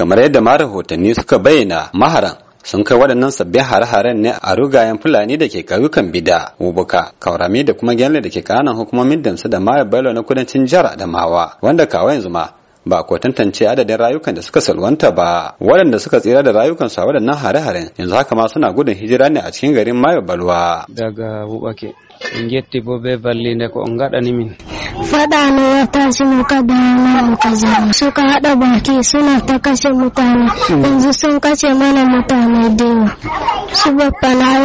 kamar yadda ma rahotanni suka bayyana maharan sun kai waɗannan sabbin hare-haren ne a rugayen fulani da ke ƙauyukan bida wubuka kaurami da kuma gyanle da ke ƙananan hukumomin damsu da maya bello na kudancin jihar adamawa wanda kawai yanzu ma ba ko tantance adadin rayukan da suka salwanta ba waɗanda suka tsira da rayukansu a waɗannan hare-haren yanzu haka ma suna gudun hijira ne a cikin garin mayo balwa daga wubake in yetti bobe balli ne ko gaɗa ni min faɗa ne ya tashi muka dawo muka zama suka haɗa baki suna ta kashe mutane hmm. yanzu sun kashe mana mutane da yawa su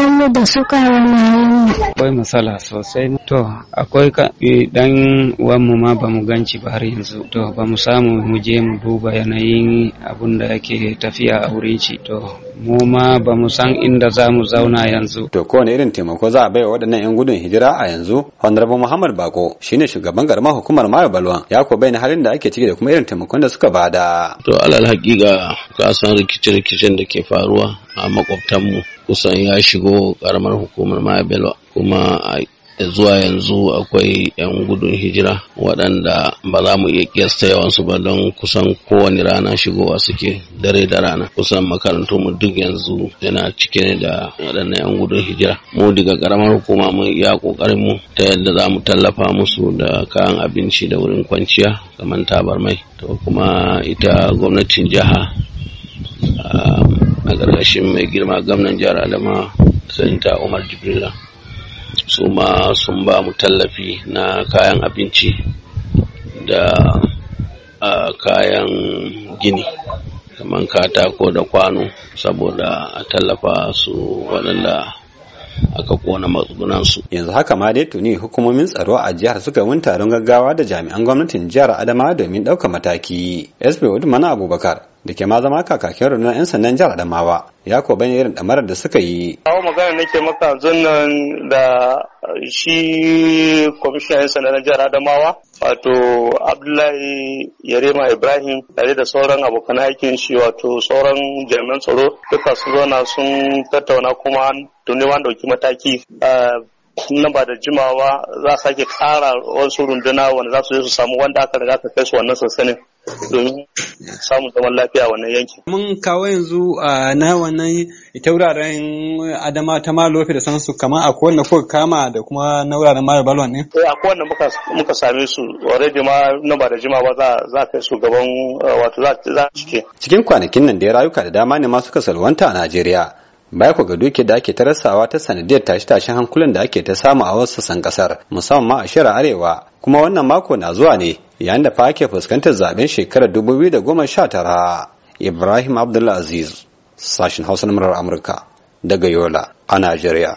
mu da suka wani mu. akwai matsala sosai to akwai dan eh, mu ma ba mu ganci ba har yanzu to ba mu samu mu je mu duba yanayin abun da yake tafiya a wurin shi to mu ma ba mu san inda za mu zauna yanzu. to kowane irin taimako za a bai wa waɗannan 'yan gudun hijira a yanzu honorable muhammad bako shine shugaban shugaban ma hukumar mayo Balwan ya ko bayyana halin da ake cike da kuma irin taimakon da suka bada. To alal hakika ka san rikice-rikicen da ke faruwa a makwabtanmu kusan ya shigo karamar hukumar mayo balwa kuma da zuwa yanzu akwai 'yan gudun hijira waɗanda ba za mu iya kiyasta yawansu ba don kusan kowane rana shigowa suke dare da rana kusan makarantu mu duk yanzu yana cike da waɗannan 'yan gudun hijira mu daga karamar hukuma mun iya ƙoƙarin mu ta yadda za mu tallafa musu da kayan abinci da wurin kwanciya kamar tabarmai to kuma ita gwamnatin jiha ah, a ƙarƙashin mai girma gwamnan jihar adama sanita umar jibrila su ma sun ba mu tallafi na kayan abinci da a kayan gini kamar katako da kwano saboda a tallafa su waɗanda aka kona matsugunansu. Yanzu haka ma dai tuni hukumomin tsaro a jihar suka yi taron gaggawa da jami'an gwamnatin jihar Adama domin ɗaukar mataki. SP mana Abubakar da ke ma zama kakakin rundunar 'yan sandan jihar Adamawa ya ko bayan irin damarar da suka yi. Kawo magana nake maka nan da shi kwamishinan 'yan sanda jihar Adamawa wato Abdullahi Yarema Ibrahim tare da sauran abokan aikin shi wato sauran jami'an tsaro duka sun zauna sun tattauna kuma tuni wanda dauki mataki nan ba da jimawa za a sake kara wasu runduna wanda za su je su samu wanda aka riga ka kai su wannan sansanin domin samun zaman lafiya wannan yankin. Mun kawo yanzu na wannan ita wuraren Adama ta Malofi da sansu kamar a kowanne ko kama da kuma na wuraren Mara Balwan ne? Eh a kowanne muka same su already ma na ba da jima ba za kai su gaban eh, wato za cike. Cikin kwanakin nan da ya rayuka da dama ne ma suka a Najeriya. baya ku ga duke da ake ta rasawa ta sanadiyar tashe-tashen hankulan da ake ta samu a wasu sassan kasar musamman a shirin arewa kuma wannan mako na zuwa ne yayin da fa ake fuskantar zaben shekarar 2019 Ibrahim Aziz sashin Hausa na Amurka daga Yola a Najeriya